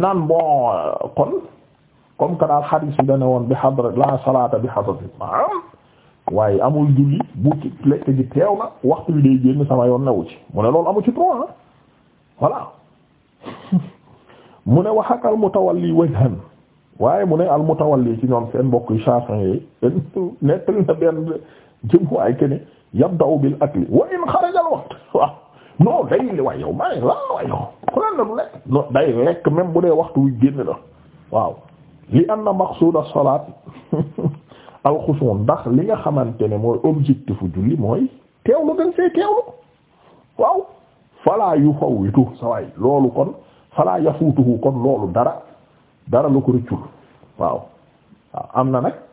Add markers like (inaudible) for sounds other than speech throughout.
naan bon kon comme que daal xadiis bi dane woon bi xadra la salaata bi xadrati taam waxtu bi day génn sama yoon newu ci mu ne loolu amu ci trois ah. voilà (laughs) mu ne wax ak al mutawalli wajhan waaye mu ne al ci ñoom seen mbokk yi Shafi'i yi (laughs) nettali na benn jëm waaye kene yabda'u bil akli wa in xaraja al (laughs) non day waaye yow maa ngi waaw waaye yow xanaa la du lekk non day lekk même bu dee waxtu wi génn la waaw li anna maqsuud as-salaat (laughs) al-xusuu ndax li nga xamante ne mooy objectifu julli mooy teewlu dañ see teewlu waaw falaa yufawwitu saway loolu kon falaa yafuutuhu kon loolu dara dara lu ko rëccul waaw waaw am na nag (laughs)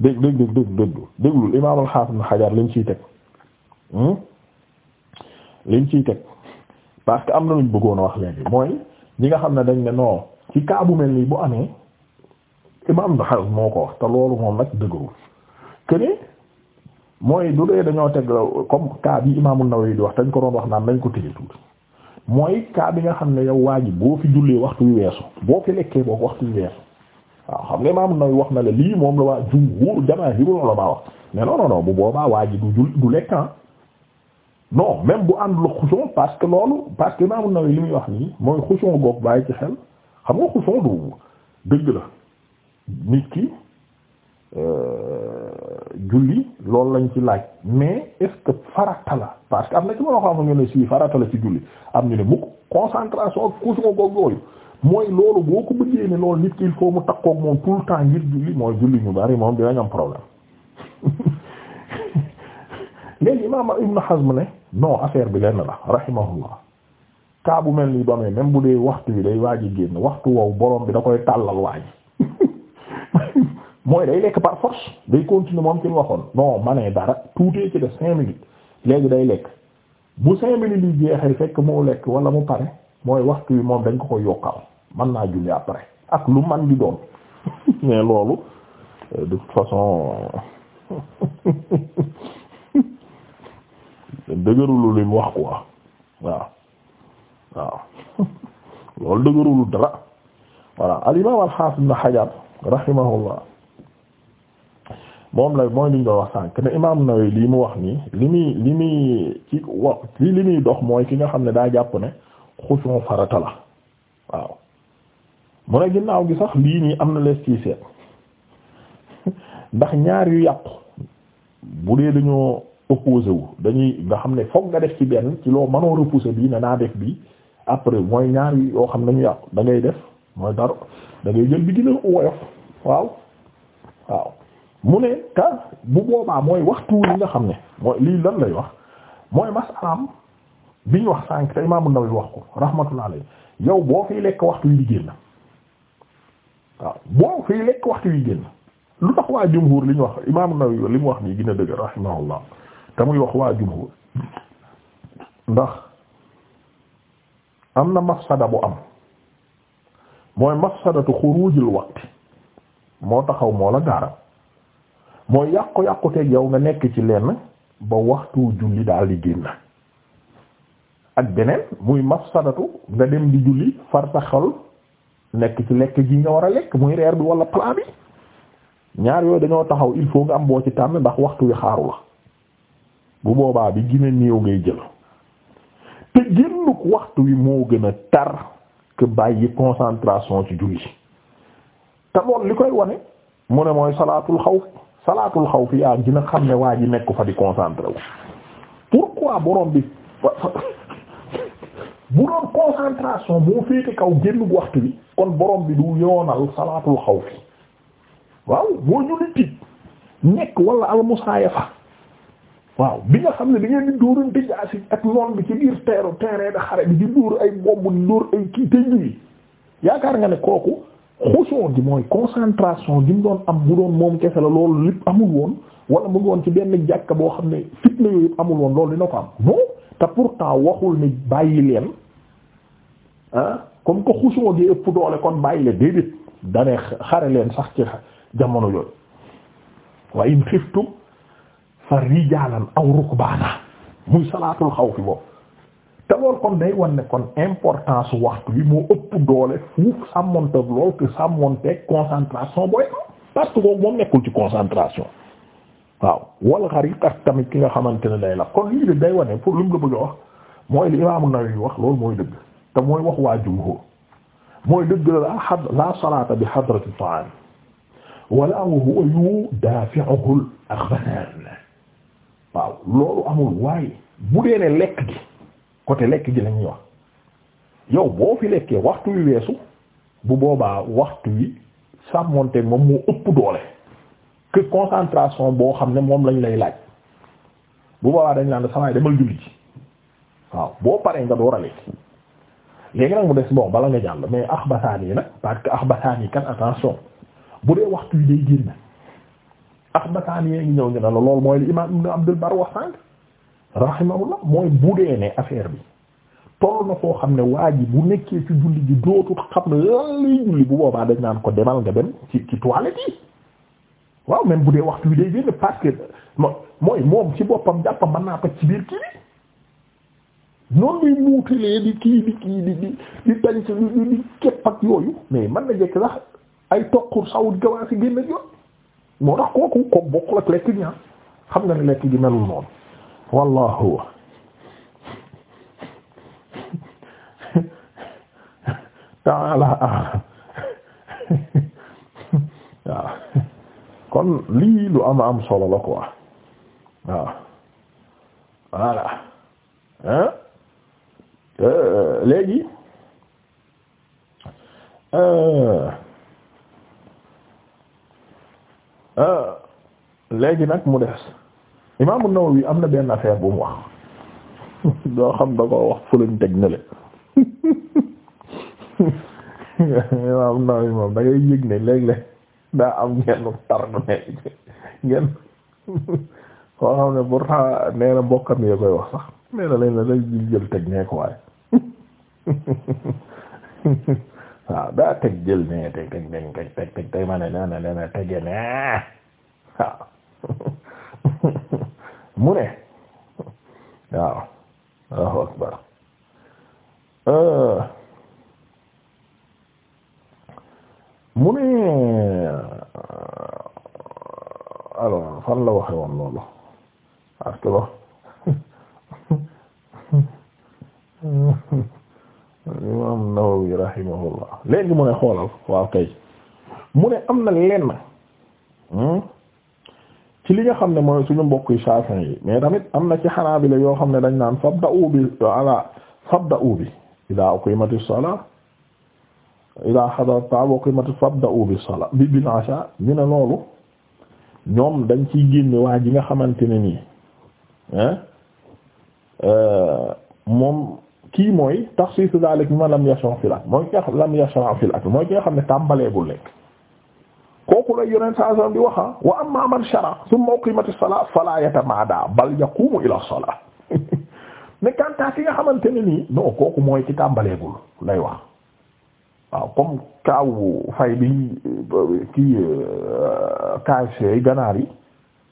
dégg dégg dégg dégg dégg déglu imaam al-Haafiz Ibn Hajar ciy teg Hmm? liñ ciy teg parce que am na luñ bëggoon a wax léegi mooy ñi nga xam ne dañ ne non ci cas mel nii bu amee imam daxal moo ko wax te loolu moom nag dëgërul que mooy du dee dañoo teg comme cas bi imaamu Nawawi di wax dañ ko doon wax naan nañ ko tëjee tuuti mooy cas yi nga xam ne yow waa ji boo fi jullee waxtu yu weesu boo fi lekkee boo ko waxtu yu weesu waaw xam nga imaamu Nawawi wax na la lii moom la waa jumhuur jamaahirul bu jul du lekk ah. non même bu àndul xuson parce que loolu parce que Imam An-Nawawi li muy wax nii mooy xuson goog bàyyi ci xel xam nga xuson du dëgg la nit ki euh, julli loolu lañ ci laaj mais est-ce que farata la parce que am na ci mën a xam nga ne si farata la ci julli am ñu ne mukk concentration ak xuson goog yooyu mooy loolu boo ko bëggee ne loolu nit ki il mu takkoog moom tout temps ngir julli mooy julli ñu bari moom dinañ am problème (laughs) léegi imaam Ibn Hazm ne non affaire bi lenn la rahimahullah kaa bu mel nii ba amee bu dee waxtu yi day waaj a génn waxtu woowu borom bi da koy tàllal waaj mooy day lekk par force day continuer moom ci lu waxoon non ma dara tuutee ci def cinq minutes léegi day lekk bu cinq minutes yi jeexee fekk moo lekk wala mu pare mooy waxtu bi moom dañ ko ko yokkal mën naa julli après ak lu man di doon (laughs) mais loolu de toute façon. (laughs) dëgërulu lim wax quoi waaw waaw loolu dëgërulu dara voilà al imam al hafiz ibn hajar rahimahullah moom la mooy liñ doon wax sànk ne imam Nawawi lii mu wax nii li muy li muy ci wax li li muy dox mooy ki nga xam ne daa jàpp ne xusun farata la waaw mu ne ginnaaw gi sax lii nii am na lees ciy seet (laughs) ndax ñaar yu yàqu bu dee dañoo opposé wu dañuy nga xam ne foog nga def ci benn ci loo mënoo repousser bii ne naa def bii après mooy ñaar yoo xam ne ñu yàqu da ngay def mooy dar da ngay jël bi gën a woyof waaw waaw mu ne te bu boobaa mooy waxtu yi nga xam ne mooy lii lan lay wax mooy masalaam bi ñu wax sànq te Imaam an wax ko rahmatullah alayhi yow boo fiy lekk waxtu yi di génn waaw boo fiy lekk waxtu yi génn lu tax waa jumhur li ñu wax Imaam An-Nawawi li mu wax nii gën a dëgg rahimahullah te muy wax waa jumhur ndax am na mafsada bu am mooy mafsadatu xurujul waqti moo taxaw moo la gaaram mooy yàqu yàqu teeg yow nga nekk ci lenn ba waxtu julli daal di génn ak beneen muy mafsadatu nga dem di julli far sa xol nekk ci lekk gi nga war a lekk muy reer bi wala plat bi ñaar yooyu dañoo taxaw il faut nga am boo ci tànn ndax waxtu wi xaaru la bu boobaa bi gën a néew ngay jël te génnuk waxtu wi moo gën a tar que bàyyi concentration ci julli te lool li koy wane mu ne mooy salaatul xawf salaatul xawf yaa gën a xam ne waa ji nekk fa di concentré wu pourquoi borom bi (laughs) bu doon concentration moo féete kaw génnuk waxtu wi kon borom bi du yoonal salaatul xawf waaw boo julli tiit nekk wala almusaayafa waaw bi nga xam ne da ngeen di dóorante jaasi ak noon bi ci biir teeru terrain de xare bi di dóor ay bomb di dóor ay kii tey julli yaakaar nga ne kooku xusoon gi mooy concentration gi mu doon am bu doon moom kese la loolu lépp amul woon wala mu ngi woon ci benn jàkka boo xam ne fitna yooyu amul woon loolu dina ko am non te pourtant waxul ni bàyyi leen ah comme que xusoon gi ëpp doole kon bàyyi leen déedéet dane xare leen sax ci jamono yooyu waaye in fa rijaalan aw rukbaana muy salaatul xawfi boobu te lool kon day wax ne kon importance waxtu bi moo ëpp doole fuuf sàmmonteeg lool que sàmmonteeg concentration booy parce que moom nekkul ci concentration wal gharib ak tamit ki nga xamante ne day la kon lii de day wane pour lu la bëgg a wax mooy li imaamu Nawawi wax loolu mooy dëgg te mooy wax waa jumhur mooy dëgg la la xad la salaata bi hadrati ta'aam wala wa huwa yudaafi'uhu al-aghbaan waaw loolu amul waaye bu dee ne lekk gi côté lekk gi la wax yow boo fi lekkee waxtu wi weesu bu boobaa waxtu wi sàmmonteeg moom moo ëpp doole que concentration boo xam ne moom lañ lay laaj bu boobaa dañ naan samaay demal julli ji waaw boo paree nga door a lekk léegi nag mu des bon bala nga jàll mais ax basaan yi nag parce que ax basaan yi kan attention bu dee waxtu yi day génn axbataan yee ngi ñëw ñu ne la loolu mooy li imaam ibn Abdul Barr wax sànq rahimahullah mooy bu dee affaire bi toll na koo xam ne waa bu nekkee ci julli ji dootul xam lan lay julli bu boobaa dañ naan ko demal nga dem ci ci toilette yi waaw même bu dee waxtu wi day génn parce mooy moom ci boppam jàppam mën naa ko ci biir kii bi noonu luy muutalee di kii di kii di di di tànc di képp ak yooyu mais mën na jekk sax ay toqur sawut gawaasi génn ak moo tax kooku ko bokkul ak lekk ah. xam nga ne lekk gi melul noonu wallahu ta'ala a'lam waaw kon lii lu am am solo la quoi waaw voilà hein euh, léegi euh Euh, léegi nag mu des Imaam an wi am na benn affaire bu mu wax (laughs) doo xam da koo wax fëleñ teg ne le (laughs) Imaam An-Nawawi moom da yëg ne léeg-léeg daa am ngeen tar ne ngeen (laughs) koo xam ne pourtant nee na mbokkam yee koy wax sax nee na léeg-léeg day jël teg ne ko waaye. waaw daa teg jël ne teg teg teg teg teg teg teg ma ne ne ne ne tege ne waaw (laughs) mu ne waaw Allahu akbar euh, mu ne euh, alors fan la waxe woon loolu parce que (laughs) imam Nawawi rahimahullah léegi mu ne xoolal waaw kay mu ne am na lenn hmm, ci li nga xam ne mooy suñu mbokk Shafi'i yi mais tamit am na ci Hanabila yoo xam ne dañ naan fabda'u bi ala fabda'u bi idha uqimatis salat idha hadarat ta'am uqimatis fabda'u bis salat bi bil ñu ne loolu ñoom dañ ci génne waa ji nga xamante ne nii euh, moom kii mooy taxsiisu daalik ma lam yashra fil ak mooy ki lam yashra fil ak mooy ki nga xam ne tàmbaleegul lekk kooku la yonent saa sallam di waxa wa (laughs) ki nga xamante ne nii non kooku mooy ki tàmbaleegul lay wax waaw comme kaawu fay bi kii euh, KFC ganaar yi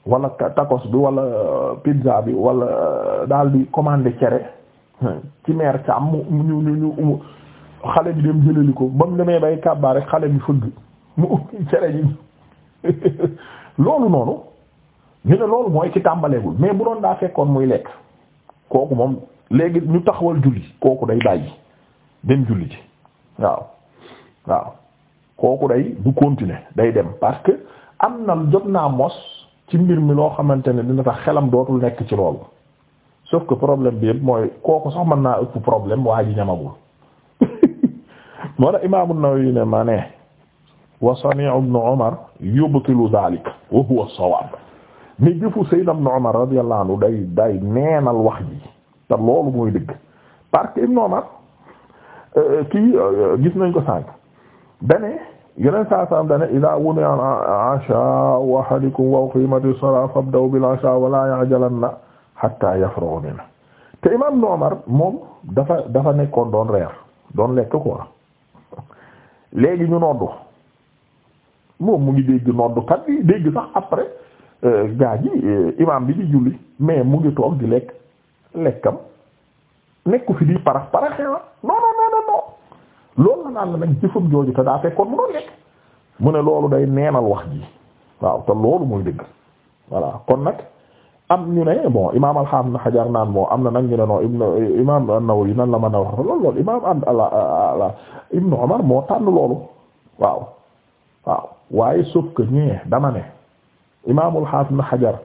wala tacos bi wala euh, pizza bi wala euh, daal di commander cere ci meer càmm mu ñu ñu ñu xale bi dem jëlali ko ba mu demee bay kàbbaar rek xale bi fëgg mu cere ji (laughs) loolu noonu ñu ne loolu mooy ci tàmbaleegul mais bu doon daa fekkoon muy lekk kooku moom léegi ñu taxawal julli kooku day bàyyi dem julli ji waaw waaw kooku day du continuer day dem parce que am na jot naa mos ci mbir mi loo xamante ne dina tax xelam dootul nekk ci loolu sauf que problème bi yëpp mooy kooku sax mën naa ëpp problème waa ji ñamagul (laughs) moo tax Imaam An-Nawawi ne ma ne wa sani'u ibn Umar yubtilu dhalik wa huwa as-sawab mais jëfu Sayyidina ibn Umar radiyallahu anhu day day neenal wax ji te loolu mooy dëgg parce que ibn Umar euh, kii euh, gis nañ ko sànq dane yeneen saa saam dane idha wuni'a al-'asha wa ahadikum wa uqimatis salat fabda'u bil 'asha wa la ya'jalanna hatta yafraw min te imam Umar moom dafa dafa nekkoon doon reer doon lekk quoi léegi ñu noddu moom mu ngi dégg noddukat bi dégg sax après euh, gaa ji euh, imam bi di julli mais mu ngi toog di lekk lekkam nekku fi di parax paraxe la ah. non non non loolu la naan nag jëfam jooju te daa fekkoon mu doon lekk mu ne loolu day neenal wax ji waaw te loolu muy dëgg voilà kon nag am ñu ne bon imaam alxam na xajar naan bon am na nag ñu ne non ibnu imaam an-Nawawi nan la ma a wax lool lool imaam al ibnu Umar moo tànn loolu waaw waaye sauf que ñee dama ne imaamul xaaf na xajar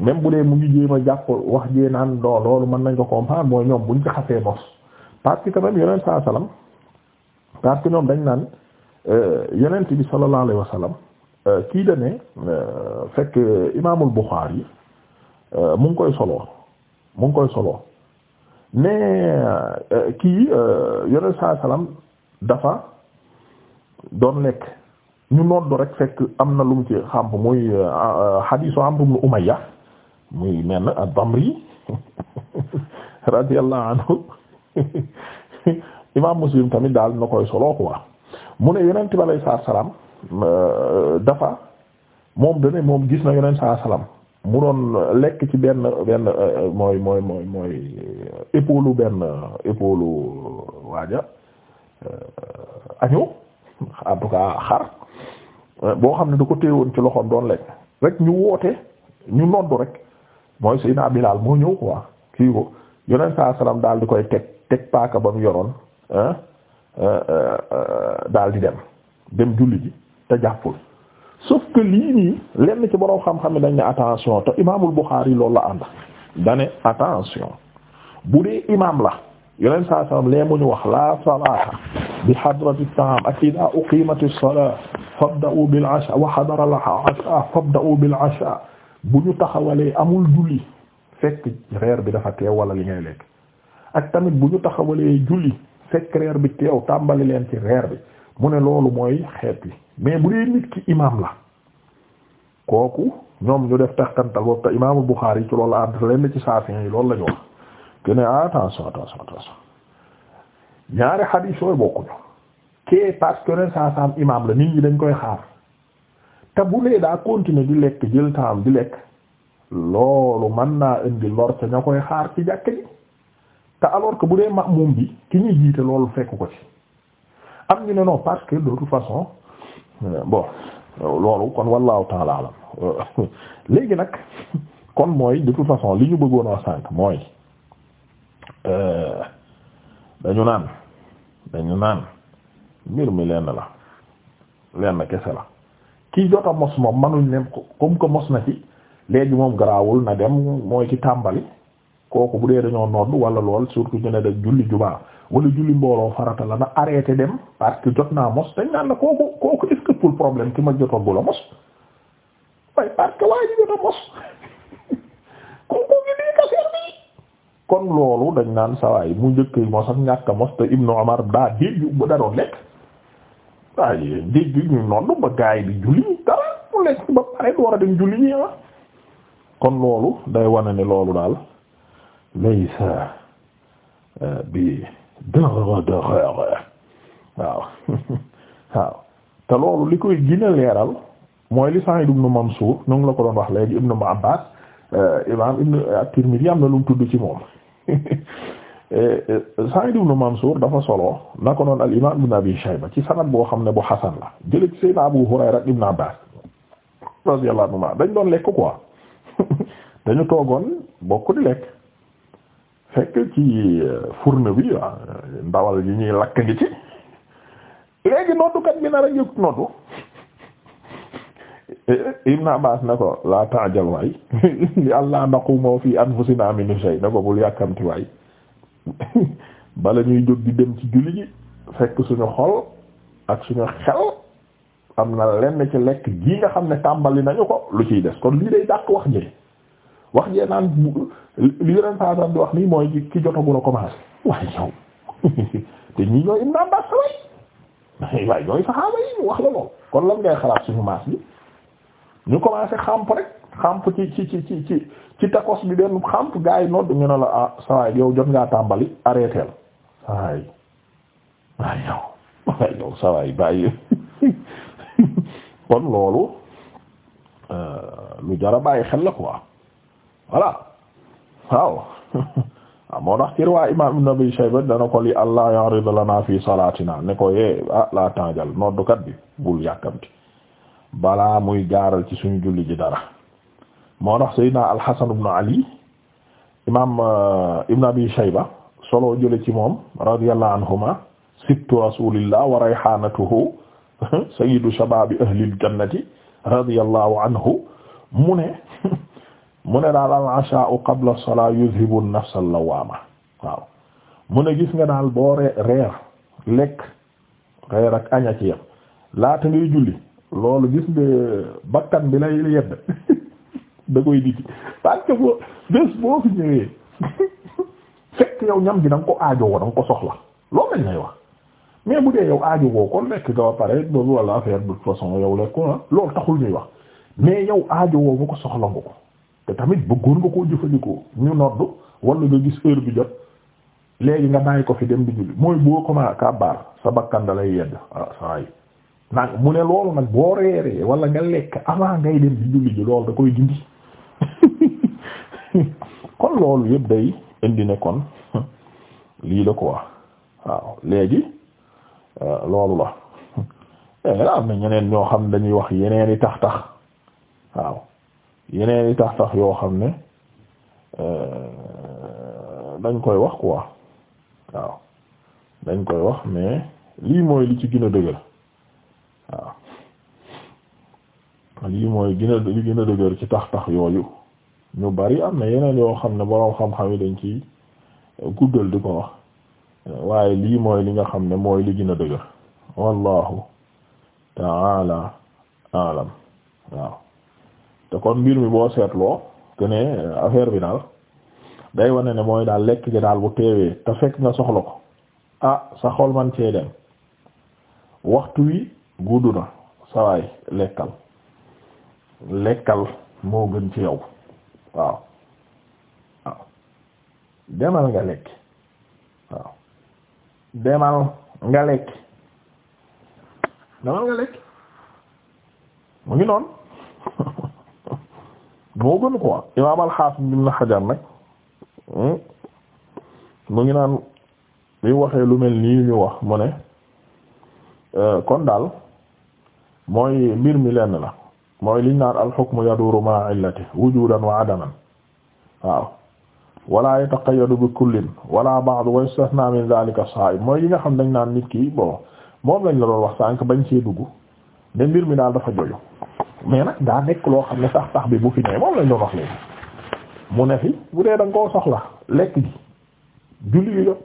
même bu dee mu ngi jéem a jàpp wax jee naan loolu mën nañ ko comprendre mooy ñoom buñ ko xasee mos parce que quand salaam parce dañ naan euh, yonent bi sallallahu alayhi wa sallam euh, kii da euh, fekk imaamul Buxaari Euh, mu ngi koy solo mu ngi koy solo mais euh, euh, kii yonent saa salaam dafa doon lekk ñu noddu rek fekk am na lu mu ci xàmp muy hadiisu Amr ibn Umayya muy menn ad-Damri (laughs) radiyallahu anhu (laughs) imaam Muslim tamit daal na koy solo quoi mu ne yonent bi alayhi salaam dafa moom dane moom gis na yonent saa salaam mu doon lekk ci benn benn euh, euh, mooy mooy mooy mooy euh, benn épaule waaja añu en tout cas xar boo xam ne du ko téewoon ci loxoom doon lekk rek ñu woote ñu noddu rek mooy Seydina Bilaal moo ñëw quoi kii ko yoneen saa salaam daal di koy teg teg paaka ba mu yoroon daal di dem dem julli ji te jàppul sauf que lii nii lenn ci borom xam-xam ne dañ ne attention te imaamul Buxaari loolu la ànd dane attention bu dee imaam la yeneen saa salaam mu ñu wax la salaata bi hadrati taam ak idaa uqiimati salaa fabda'u bil asha wa hadara al asha fabda'u bil asha bu ñu taxawalee amul julli fekk reer bi dafa teew wala li ngay lekk ak tamit bu ñu taxawalee julli fekk reer bi teew tàmbali leen ci reer bi mu ne loolu mooy xeet wi mais bu dee nit ki imaam la kooku ñoom ñu def taxkantal boobu te imaamu Buxaari ci loolu la ànd lenn ci saafin yi loolu la ñu wax que ne attention attention attention ñaari xadiis bokkuñu kee parce que ren imaam la nit ñi dañ koy xaar te bu lee daa continuer di lekk jël temps di lekk loolu man naa indi lor te ña koy xaar ci jàkk ji te alors que bu dee maamum bi ki ñuy jiite loolu fekk ko ci. am ñu ne non parce que de toute façon euh, bon loolu kon wallahu taala euh, (laughs) léegi nag kon mooy de toute façon li ñu bëggoon a sànq mooy euh, dañu naan dañu naan mbir mi lenn la lenn kese la ki jot a mos moom manuñ ne comme que mos na ci léegi moom garaawul na dem mooy ci tàmbali kooku bu dee dañoo nodd wala lool surtout ñu ne da julli jumaa wala julli mbooloo farata la na arrêté dem parce que jot naa mos dañ naan la kooku kooku est-ce problème ki ma joto bu la mos parce que waaye ji dañ naan sawaay mu njëkk mos ak nodd ba gaay bi julli dara mu lekk ba pare dem julli ñi ah. kon loolu day wane ne loolu daal laysa bi dara dara waaw waaw te loolu li koy gën a leeral mooy li Sa'id ibn Mansur ñu ngi la ko doon wax léegi ibn Abbas euh, imam ibn at-Tirmidhi am na lu mu tudd ci moom (laughs) euh, Sa'id ibn Mansur dafa solo na ko noon al imam ibn Abi Shayba ci sanad boo xam ne bu xasan la jële ci Sayyidina Abu Hurayra ibn Abbas radiyallahu anhuma dañ doon lekk quoi (laughs) dañu toogoon bokk di lekk fekk ci euh, fourne bi waaw ah, ndawal yi ñuy lakk ngi ci léegi noddukat bi nar a jóg noddu eh, eh, Ibn Abbas ne ko la ta'jal waay (laughs) li Allah naquma fi anfusina min shay ne ko bul yàkkamti waay (laughs) bala ñuy jóg di dem ci julli ji fekk suñu xol ak suñu xel am na lenn ci lekk gi nga xam ne tàmbali nañu ko lu ciy des kon lii day dàq wax ji wax jee naan li nii mooy ki jotagul a commencé waaye yow (laughs) te ñii ñooy Ibn Abbas saway (laughs) waaye ñooy saxaaba yi wax la lool kon lan ngay xalaat suñu maas bi ñu commencé xamp rek xamp ci ci ci ci takos bi benn xamp gars yi nodd ñu la ah sawaay yow jot ngaa tàmbali arrêté la sawaay waaye yow waaye yow sawaay bàyyi (laughs) kon loolu euh, lu jara bàyyi xel la quoi voilà waaw waaw (laughs) ah, moo tax ci riwaaya Ibn Abi Shayba dana ko li allah ya'rid lana fi salatina ne ko yee eh, ah la taajal noddukat bi bul yàkkamti balaa muy gaaral ci suñu julli ji dara moo tax Seydina al-Hasan ibn Ali imam eh, Ibn Abi Shayba solo jële ci moom radiyallahu anhuma sibtu rasulillah wa rayhanatuhu (laughs) anhu mu (laughs) mu ne daal al ashaa'u qabla as-salaa yuzhibu an-nafs al-lawaama waaw mu ne gis nga daal boo ree reer lekk reer ak aña ci yam laata ngay julli loolu gis nga bakkan bi lay yedd (laughs) da koy dikki parce que (laughs) yow ñam gi da ko aajoo da nga ko soxla loolu lañ lay wax mais bu dee yow aajowoo ko lekk nga boobu wala affaire de façon yow lekkul ah loolu taxul ñuy wax mais yow aajowoo ko soxla nga ko te tamit bëggoon nga koo jëfandikoo ñu noddu wala nga gis heure bi jot léegi nga bàyyi ko fi dem di julli mooy boo commencé kàbbaar sa bakkan da lay yedd ah saa yi nag mu ne loolu nag boo reeree wala nga lekk avant ngay dem di julli ji loolu da koy dindi (laughs) kon loolu yëpp day indi ne kon (laughs) lii la quoi waaw léegi euh, loolu la (laughs) eh, am na ñeneen ñoo xam dañuy wax yeneen i tax tax waaw. yeneen yi tax tax yoo xam ne euh, dañ koy wax quoi waaw dañ koy wax mais lii mooy li ci gën a dëgër waaw lii mooy gën a li gën a dëgër ci tax tax yooyu ñu bari am na yeneen yoo xam ne boroom xam-xam yi dañ ci guddal di ko wax waaye lii mooy li nga xam ne mooy li gën a dëgër wallahu ta'ala a'lam waaw te kon mbir mi boo seetloo que ne affaire bi daal day wane ne mooy daal lekk gi daal bu teewee te fekk nga soxla ko ah sa xol man cee dem waxtu wi gudd na sawaay lekkal lekkal moo gën ci yow waaw waaw demal nga lekk waaw demal nga lekk demal nga lekk mu ngi noonu moo gën quoi imaam al-Hafiz ibn Hajar nag hmm, mu ngi naan bi waxee lu mel nii ñu wax mu ne euh, kon daal mooy mbir mi lenn la mooy liñ naan al-hukmu yaduru ma'a illati wujudan wa adaman waaw wala yataqayyadu bi kullin wala ba'd wa yastahna min dhalika sa'ib mooy li nga xam dañ naan nit ki bon wax sànq bañ see dugg ne mbir mi daal dafa joju mais nag daa nekk loo xam ne sax sax bi bu fi ñëwee moom lañ doon wax léegi mu ne fi bu dee da nga koo soxla lekk gi julli gi jot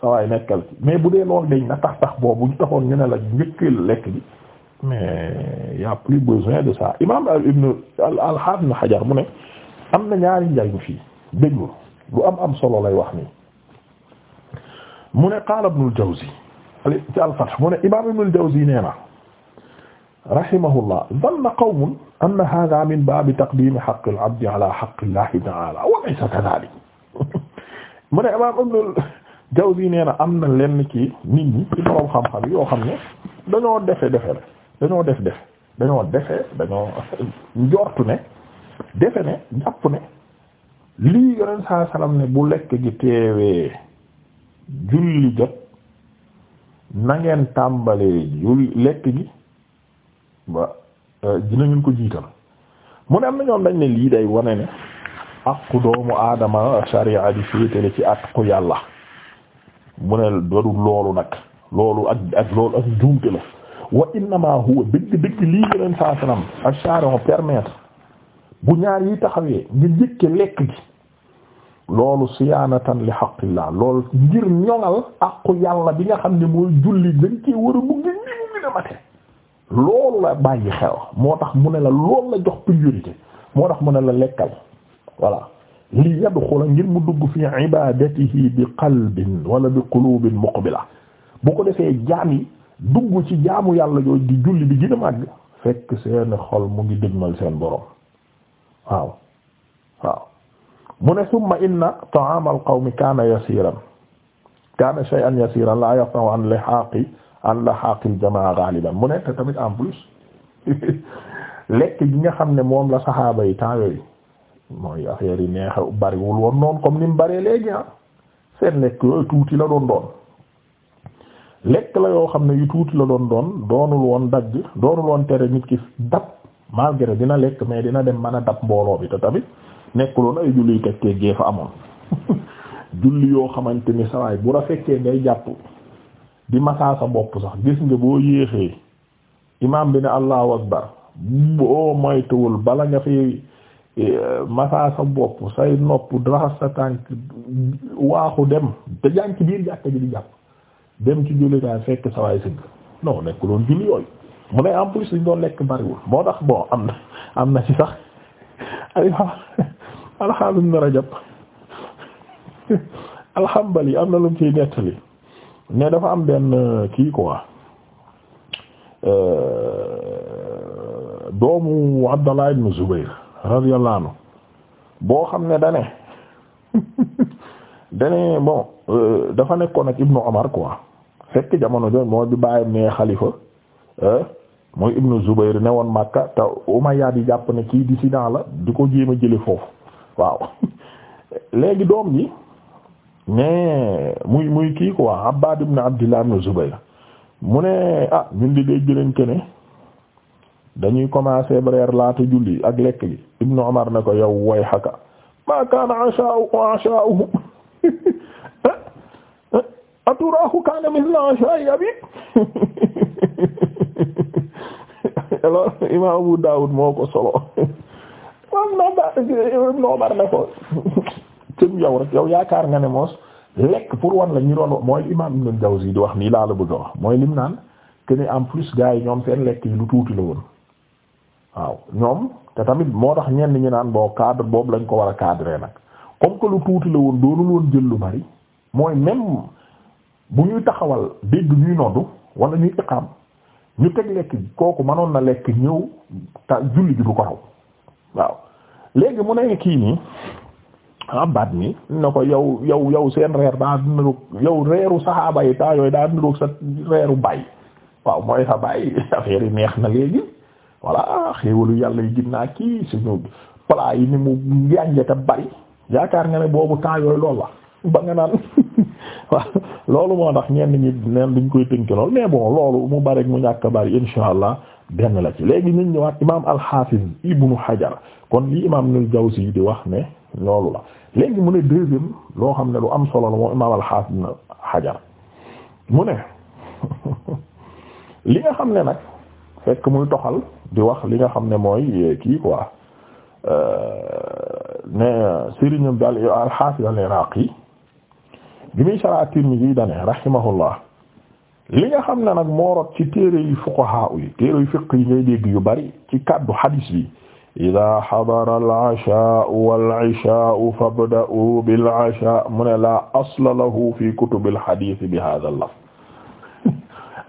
sa nekkal ci mais bu dee loolu dañ na tax tax boobu ñu taxoon ñu ne la njëkkil lekk gi mais y a plus besoin de ça imam ibn al-Hafiz Ibn Hajar mu ne am na ñaari njariñ fii déglu lu am am solo lay wax nii mu ne qaala Ibn al-Jawzi ci al-Fath mu ne imam Ibn al nee na rahimahullah zanna qawmun anna hadha min babi taqdimi haqqi al-abdi ala haqqi llahi (laughs) mu ne imam Ibnul Jawzi nee na am na lenn ci nit ñi ci borom xam-xam yoo xam ne dañoo defe defe dañoo def defe dañoo defe dañoo (laughs) njortu ne defe ne jàpp ne lii yoneen saa salaam ne bu lekk gi teewee julli jot na ngeen tàmbalee julli lekk gi ba euh, dinañu ko jiital mu ne am na ñoom lii day wane ne àqu doomu aadama sharia di féetale ci àqu yàlla mu ne doodu loolu nag loolu ak ak loolu ak juumte la wa innama huwa dëgg dëgg lii yeneen saa sanam ak sharia permettre bu ñaar yi taxawee nga njëkke lekk gi loolu siyaanatan li xaqillah loolu ngir ñoŋal àqu yàlla bi nga xam ne mooy julli dañ ci war a bëgg nii mu mate loolu la bàyyi xel moo tax mu ne la loolu la jox priorité moo tax mu ne la lekkal voilà li yadxula ngir mu dugg fi ibadatihi bi qalbin wala bi qulubin muqbila bu ko defee jaam yi dugg ci jaamu yàlla jooju di julli bi gën a màgg fekk seen xol mu ngi dëgmal seen borom waaw waaw mu ne summa inna ta'ama al qawmi kaana yasiran kaana shay'an yasiran la yaqta'u an lihaqi an la jamaa galiban mu nekk tamit en plus lekk gi nga xam ne moom la saxaaba yi temps yooyu mooy affaire yi neexe bariwul woon noonu comme ni mu baree léegi ah seen lekk yooyu tuuti la doon doon lekk la yoo xam ne yu tuuti la doon doon doonul woon dagg doonul woon tere nit ki dab malgré dina lekk mais dina dem man a dab mbooloo bi te tamit nekkuloon ay julli tekkee gee fa amoon (laughs) julli yoo xamante ni sawaay bu la fekkee ngay jàpp di masaa sa bopp sax gis nga boo yéexee imaam bi ne allahu akbar boo moytuwul bala nga fi eh, masaa sa bopp say nopp raxas sa tànk waaxu dem te jàng ci biir jàkk ji di jàpp dem ci julli nekk yooyu mu ne en plus liñ doon lekk bariwul moo tax bon am na am na ci sax alxaafis ibn Rajab alxambali am na lu mu ciy nettali mais dafa am benn kii quoi doomu Abdallah ibn Zubayr radiyallahu boo xam ne dane (laughs) dane bon euh, dafa nekkoon ak ibnu Umar quoi fekk jamono jooju moo bi bàyyi nee xalifa euh, mooy ibnu Zubayr ne woon Makka te Umayya di jàpp ne kii dissident la di ko jéem a jële foofu waaw (laughs) léegi doom ji mais muy muy kii quoi Abbad ibn Abdullah ibn Zubayr mu ne ah ñun di dégg nañ que ne dañuy commencer reer laata julli ak lekk gi Ibn Umar ne ko yow way xaka ma kaana asha'u asha'u (laughs) eh, eh, aturahu kaana mithla asha'i abi (laughs) alors imam Abu Dawud moo ko solo am (laughs) na Ibn Umar ne ko yow rek yow yaakaar nga ne moos lekk pour wan la ñu doon mooy imam Ibn Jawzi di wax nii laa la bëgg a wax mooy lim naan que ni en plus gars yi ñoom seen lekk yi lu tuuti la woon waaw ñoom te tamit moo tax ñenn ñi naan boo cadre boobu lañ ko war a cadrer nag comme que lu tuuti la woon doonul woon jël lu bari mooy même bu ñuy taxawal dégg ñuy noddu wala ñuy iqaam ñu teg lekk kooku manoon na lekk ñëw ta julli bi du ko raw waaw léegi mu ne kii nii abbaat ah, mi na ko yow yow yow seen reer daa niroog yow reeru saxaaba yi taa yooyu daa niroog sa reeru baay waaw mooy sa baay (laughs) affaire yi neex na léegi voilà xéewalu yàlla yi ginnaa kii suñu plat yi ni mu njànjata bari yaakaar nga ne boobu taa yooyu lool la ba nga naan (laughs) loolu moo tax ñenn ñi neen duñ koy tënk lool mais bon loolu mu bari mu ñàkk bari insha allah benn la ci léegi ñu ñëwaat imaam al-Hafiz ibnu Hajar kon li imaam Ibnul Jawzi di wax ne loolu la léegi mu ne deuxième loo xam ne lu am solo la moom imaam al-Hafiz mu ne (laughs) li nga xam ne nag fekk muy toxal di wax li nga xam ne mooy kii quoi euh, ne sëriñam bi al-Hafiz al-Iraqi bi muy sharh li nga xam ne nag moo rot ci téere yu yi téere yu fiqh yi ngay dégg yu bari ci kaddu hadis bi idaa xadara al-ashaa'u wal-'ishaa'u fabda'uu bil-'ashaa'i mu ne laa asla lahu fi kutubil hadiis bi haazal lafz.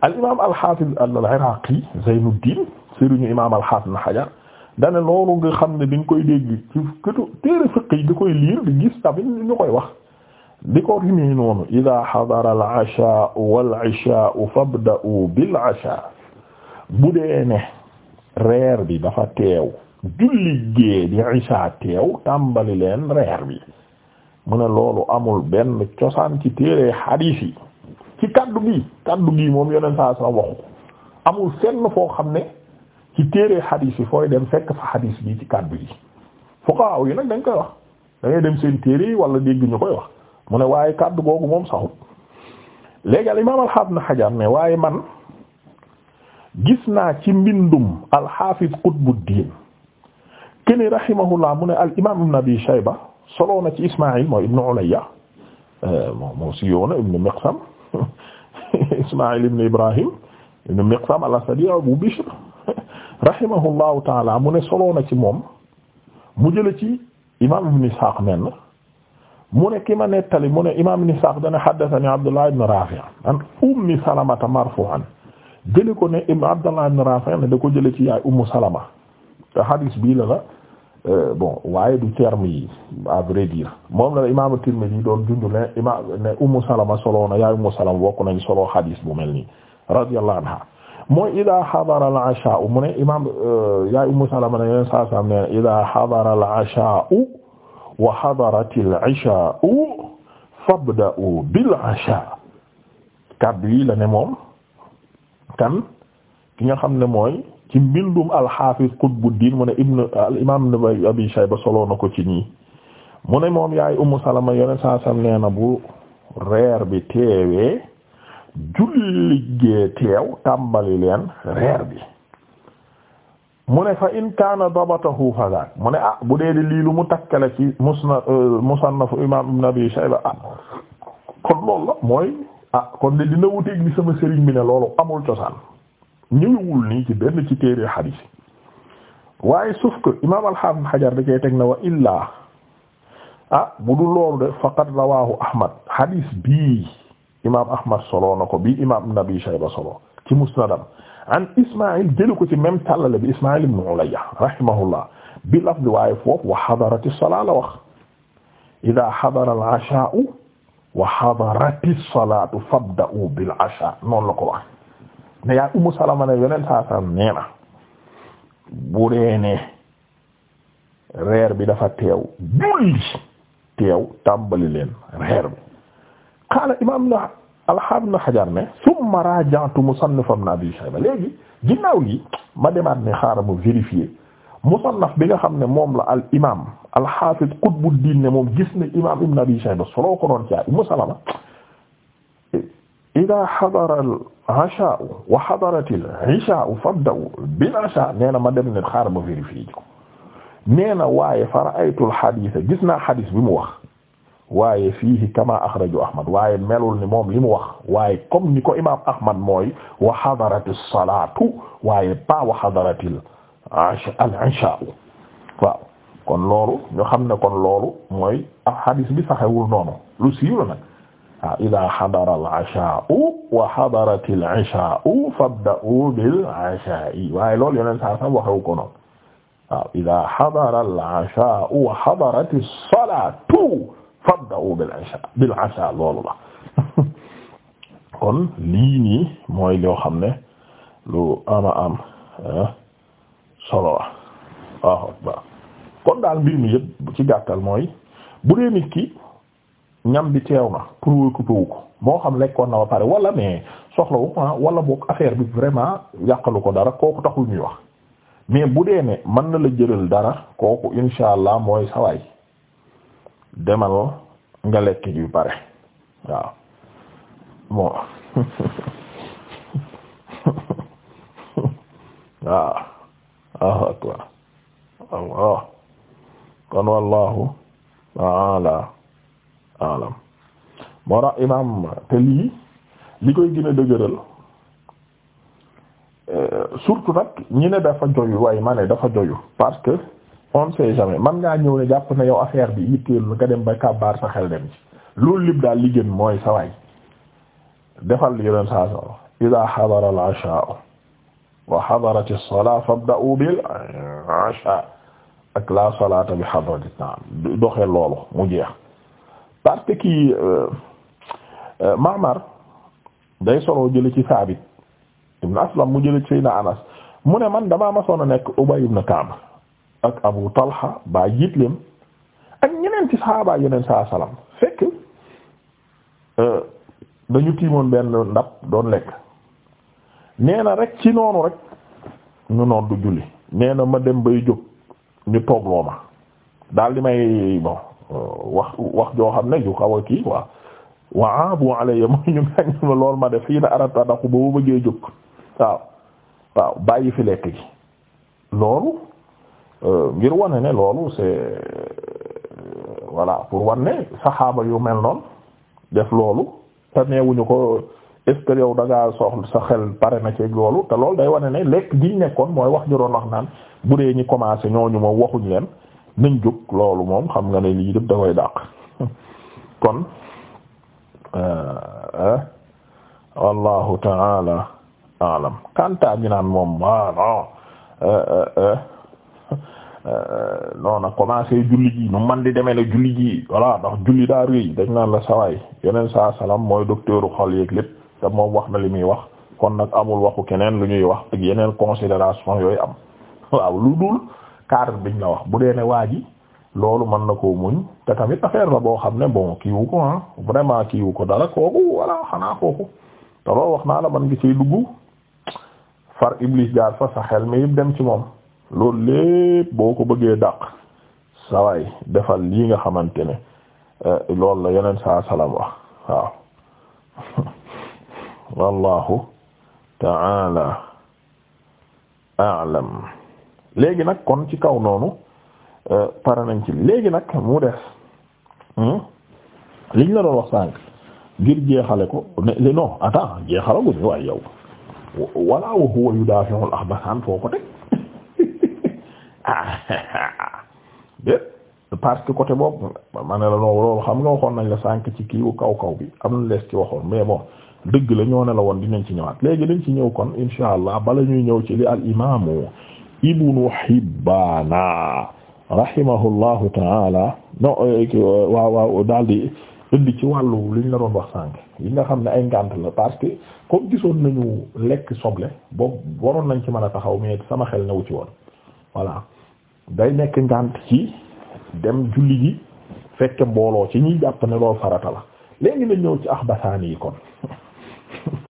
al-imaam al-haafiz al-'iraaqi Zaynuddiin sëriñu imaam al-haafiz Ibn Hajar da ne loolu nga xam ne bi nga koy dégg ci këtu téere fiqh yi di koy liir di gis tamit ñu koy wax. di ko rimee noonu idaa xadara al-'ashaa'u wal-'ishaa'u fabda'uu bil-'ashaa'i bu dee ne reer bi dafa teew. julli gée di isa teew tàmbali leen reer bi mu ne loolu amul benn cosaan ci téere hadis yi ci kaddu gi kaddu gi moom yeneen saa sa waxu amul fenn foo xam ne ci téere hadis yi fooy dem fekk fa hadis bi ci kaddu yi fuqaha yi nag dañ koy wax da dem seen téere yi wala dégg ñu koy wax mu ne waaye kàddu googu moom saxut léegi al imaam alxaafid na xajar ne waaye man gis naa ci mbindum alxaafid qutbuddiin kene rahimahullah mu ne al imam ibn abi shayba soloo ci ismail mooy ibn ulayya moom euh, moo si (laughs) ismail ibn ibrahim ibn miqsam al asadi abu bishr (laughs) rahimahullahu taala mu ne soloo ci moom mu jële ci imam ibn ishaq men mu ne ki ma nettali mu ne imam ibn ishaq dana haddathani abdullah ibn rafi' an ummi salamata marfu'an jële ko ne abdullah ibn rafi' ne da ko jële ci yaay salama te hadis bii la la euh, waaye du terme yi à vrai dire moom la imaamu Tirmidhi doon junj ne imaam ne Ummu Salama solo na yaay Ummu Salama bokk nañ solo hadis bu mel nii radiyallahu anha mooy ida xadara al asha mu ne imaam euh, yaay Ummu Salama ne yeneen saa ne ida xadara al asha wa xadarat al isha fabda'u bil asha kaddu yi la ne moom kan ki nga xam ne mooy ci mbindum al-Hafiz Qutbuddin mu ne ibn al-imam Abi Shayba soloo na ko ci ñii mu ne moom yaay Ummu Salama yone saa sam nee na bu reer bi teewee julligee teew tàmbali leen reer bi mu ne fa in kaana dabatahu fadaak mu ne ah bu dee di lii lu mu takkale ci musna euh, musannafu imam ibn Abi Shayba ah kon loolu la mooy ah kon de dina wuteeg bi sama sëriñ bi ne loolu amul cosaan ñëwewul nii ci benn ci téere xadiis yi waaye sauf que imaam alxaafis xajar da cee na wa illaa ah loolu de faqad rawaahu ahmad xadiis bii imaam ahmad solo na ko bii imaam ibn abi shayba solo ci musnadam an ismail jëli ko ci même tàllale bi ismail ibn ulayya rahimahullah bi lafdi waaye foofu wa xadarati salaa la wax ida xadara al ashaa'u wa xadarati salaatu fabda'u bil ashaa la ko wax ne yaa Ummu Salama ne yeneen saa nee na bu dee ne reer bi dafa teew julli teew tàmbali leen reer bi qaala imaam na alxaam na xajar ne summa raja'tu musannaf ibn Abi Shayba léegi ginnaaw lii ma demaat ne xaaral mu vérifier musannaf bi nga xam ne moom la al imaam al xaafis diin ne moom gis ne imaam ibn Abi Shayba soloo ko doon ci Ummu Salama ida xadara al asha wa xadaratil isha fabdaw bil asha nee na ma dem ne xaar ma vérifier ji ko nee na waaye fa raaytu al xadiisa gis naa xadis bi mu wax waaye fiihi kama axraju ahmad waaye melul ni moom li mu wax waaye comme ni ko imaam ahmad mooy wa xadaratis salaatu waaye pa wa xadaratil al isha waaw kon loolu ñu xam ne kon loolu mooy xadis bi saxewul noonu lu siiw la nag waaw ida xadara al-ashaa'u wa xadarati al-ishaa'u fabda'u bil-ashaa'i waaye loolu yeneen saa sax waxewu ko al-ashaa'u wa xadarati as-salaatu (laughs) mooy loo xam ne lu ama am eh, solo la waaw kon daal mbir mi ci gàttal mooy bu dee ñam bi teew na préoccupé wu ko moo xam lekkoon na ba pare wala mais soxla wu ko ah wala boog affaire bi vraiment yàqalu ko dara kooku taxul ñuy wax mais bu dee ne mën na la jëlal dara kooku insha allah mooy sawaay demal nga lekk ji pare waaw bon (laughs) waaw waaw waaw kon wallahu ta'ala alam moo tax imam te lii li koy gën a dëgëral euh, surtout nag ñi ne dafa joyu waaye ma dafa joyu parce que on sait jamais man ngaa ñëw ne jàpp na yow affaire bi yitteelu nga dem ba kàbbaar sa xel dem ci loolu lib daal li gën mooy sa waay defal li yoneen saa sa ida wa xadarat as-salaa fabda'u bil asha ak la salata bi xadrati naam doxee loolu mu jeex parce que kii euh, euh, Ma'mar day soloo jële ci Saabit ibn Aslam mu jële ci Seydina Anas mu ne man damaa masoon a nekk Ubay ibn Ka'b ak Abu Talha ba ak ñeneen ci saxaaba yeneen saa salaam fekk euh, dañu tiimoon benn ndab doon lekk nee na rek ci noonu rek ñu noon du julli nee na ma dem bay jóg ñu toogloo ma daal di may bon wax wax joo xam ne ju xaw a kii quoi wa abu ma loolu ma def fii na arata daqu ba ma bëggee jóg waaw waaw bàyyi fi lekk gi loolu euh, ngir wane ne loolu c'est voilà pour wane ne saxaaba yu mel noonu def loolu te neewuñu ko est-ce que yow sa xel pare na ci loolu te loolu day wane ne lekk giñ nekkoon mooy wax ñu doon wax naan bu dee ñi commencé ñooñu moom waxuñ leen nañ jóg loolu moom xam nga ne lii dem da koy dàq kon eh, eh, wallahu taala alam kanta bi naan moom wa ah, non eh, noona commencé julli ji nu man di demee ne julli ji voilà ndax julli daa rëy dañ naan la sawaay yeneen saa salaam mooy docteuru xol yéeg lépp te moom wax na li muy wax kon nag amul waxu keneen lu ñuy wax ak yeneen considération yooyu am waaw lu dul cadre biñ la wax bu dee ne waa ji loolu mën na koo muñ te tamit affaire la boo xam ne boo kiiwu ko ah vraiment kiiwu ko dara kooku walla xanaa kooku te loolu wax naa la man ngi ciy dugg far iblis jaar fa sa xel mi yëpp dem ci moom loolu lépp boo ko bëggee dàq sawaay defal lii nga xamante ne eh, loolu la yeneen saa salaam wax waaw (laughs) wallahu ta'ala a'lam léegi nag kon ci kaw noonu euh, pare nañ ci léegi nag mu des hmm? liñ la doon wax sànq ngir jeexale ko ne non attends jeexalaguñu waaye yow walla wa huwa yudaafi'ul ahbasan foo ko teg (laughs) ah, (laughs) parce que côté boobu ma ne la noo loolu xam nga waxoon nañ la sànq ci kiiwu kaw kaw bi am na lees ci waxoon mais bon dëgg la ñoo ne la woon dinañ ci ñëwaat léegi dañ ci ñëw kon insha allah bala ñuy ñëw ci li al imaamu ibnu Hibbaana rahimahullahu taala non eh, waaw waaw daal di indi ci wàllu liñ la doon wax sànq yi nga xam ne ay ngànt la parce que comme gisoon nañu lekk soble boobu waroon nañ ci man a taxaw mais sama xel newu ci woon voilà day nekk ngànt ci dem julli ji fekk mbooloo ci ñuy jàpp ne loolu farata la léegi la ñëw ci ax axbasaani yi kon (laughs)